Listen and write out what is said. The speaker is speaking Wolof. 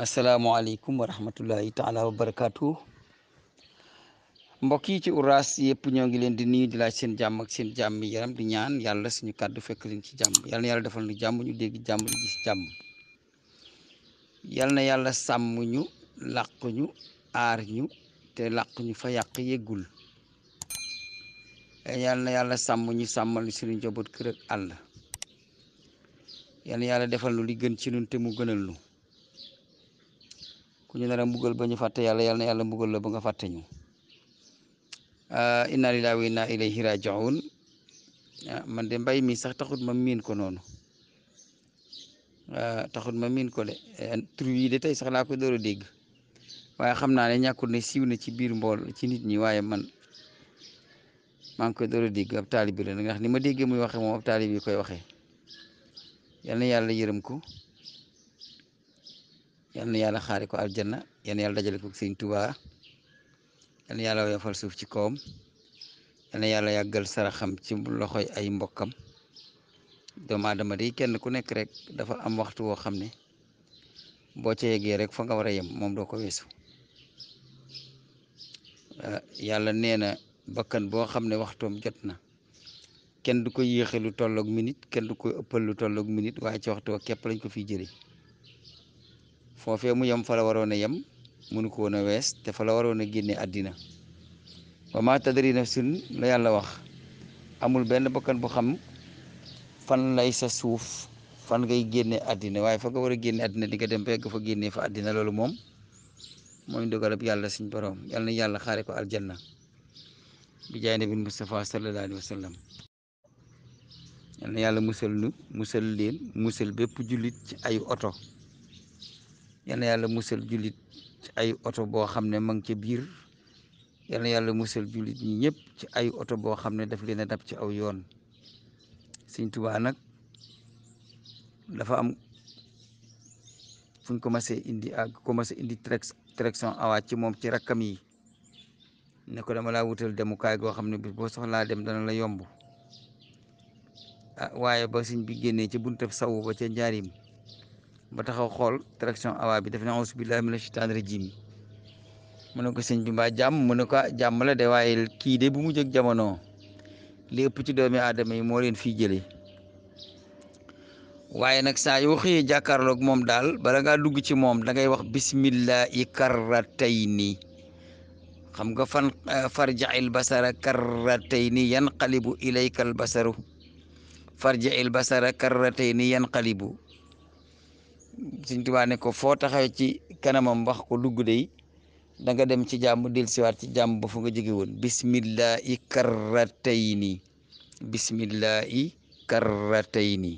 asalaamualeykum wa rahmatullahi taala wa barakaatu mbokk yi ci uraas yëpp ñoo ngi leen di nuyu di laaj seen jàmm seen jàmm yaram di ñaan yàlla suñu kàddu fekk leen ci jàmm yàlla na yàlla defal nu jàmm ñu dégg jàmm di gis jàmm yàlla na yàlla sàmm ñu làq ñu aar ñu te làq ñu fa yàq yégul yàlla na yàlla sàmm ñu sàmmal ñu suñu njaboot kër ak àll yàlla na yàlla defal nu li gën ci nun te mu gënal nu ku ñu nar mbugal ba ñu fàtte yàlla yàlla na yàlla la ba nga fàtte ñu ah, inna lillahi wa inna ilayhi raji'un ah, man de mbay mi sax taxut ma miin ko noonu ah, taxut ma miin ko de eh, tur de tey sax laa ko door a dégg waaye xam naa ne ñàkkul ne siiw na ci biir mbool ci nit ñi waaye man maa ngi koy door a dégg ab taalib bi la ndax ni ma déggee muy waxe moom ab taalib koy waxe yal na yàlla yërëm ko yal na yàlla xaari ko aljanna yal na yàlla dajale ko sëñ Tuubaa yal na yàlla woyofal suuf ci kawam yal na yàlla yàggal saraxam ci loxoy ay mbokkam doomu aadama de kenn ku nekk rek dafa am waxtu woo xam ne boo ca yeggee rek fa nga war a yem moom doo ko weesu eh, yàlla nee na bakkan boo xam ne waxtoom jot na kenn du ko yéexe lu tolloog minute kenn du ko ëppal lu tolloog minute waaye ci waxtu wa képp lañ ko fi jëlee foofee mu yem fa la waroon a yem mënu ko wees te fa la waroon a génne àddina wa ma tadri nafsun la yàlla wax amul benn bokkan bu xam fan lay sa suuf fan ngay génne àddina waaye fa nga war a génne àddina di nga dem fekk fa génne fa àddina loolu moom mooy dogalab yàlla suñ borom yàlla yàlla xaare ko aljanna bi jaay nabi Mustafa sallallahu alayhi wa sallam yàlla musal leen musal bépp jullit ci ay oto yal na museel musal jullit ci ay oto boo xam ne ma ngi ca biir yal na yàlla musal jullit ñi ñëpp ci ay oto boo xam ne daf leen a dab ci aw yoon Sëñ Tuubaa nag dafa am fu ñu commencé indi ak commencé e e ci moom ci rakkam yi ne ko dama la wutal demukaay goo xam ne bis boo soxlaa dem dana la yomb ah ba sëñ bi ci buntab sawu ba ca njaarim ba taxaw xool traction awa bi def na auzu billahi mina shaytaani rajim mu ne ko sëñ bi mbaa jàmm mu ne ko ah, jàmm la de waaye kii de bu mu jóg jamono li ëpp ci doomi aadama yi moo leen fii jëlee waaye nag saa yoo xëyee jàkkaarloog moom daal bala ngaa dugg ci moom da ngay wax bismillahi karratayni xam nga fan eh, farjail basara karratayni yanqalibu ilayka albasaru farjail basara karratayni yanqalibu Sëñ Tuubaa ne ko foo taxawee ci kanamam wax ko dugg de dem ci jàmm dellusiwaat ci jàmm ba fa nga jóge woon bismillahi karratayni bismillahi karratayni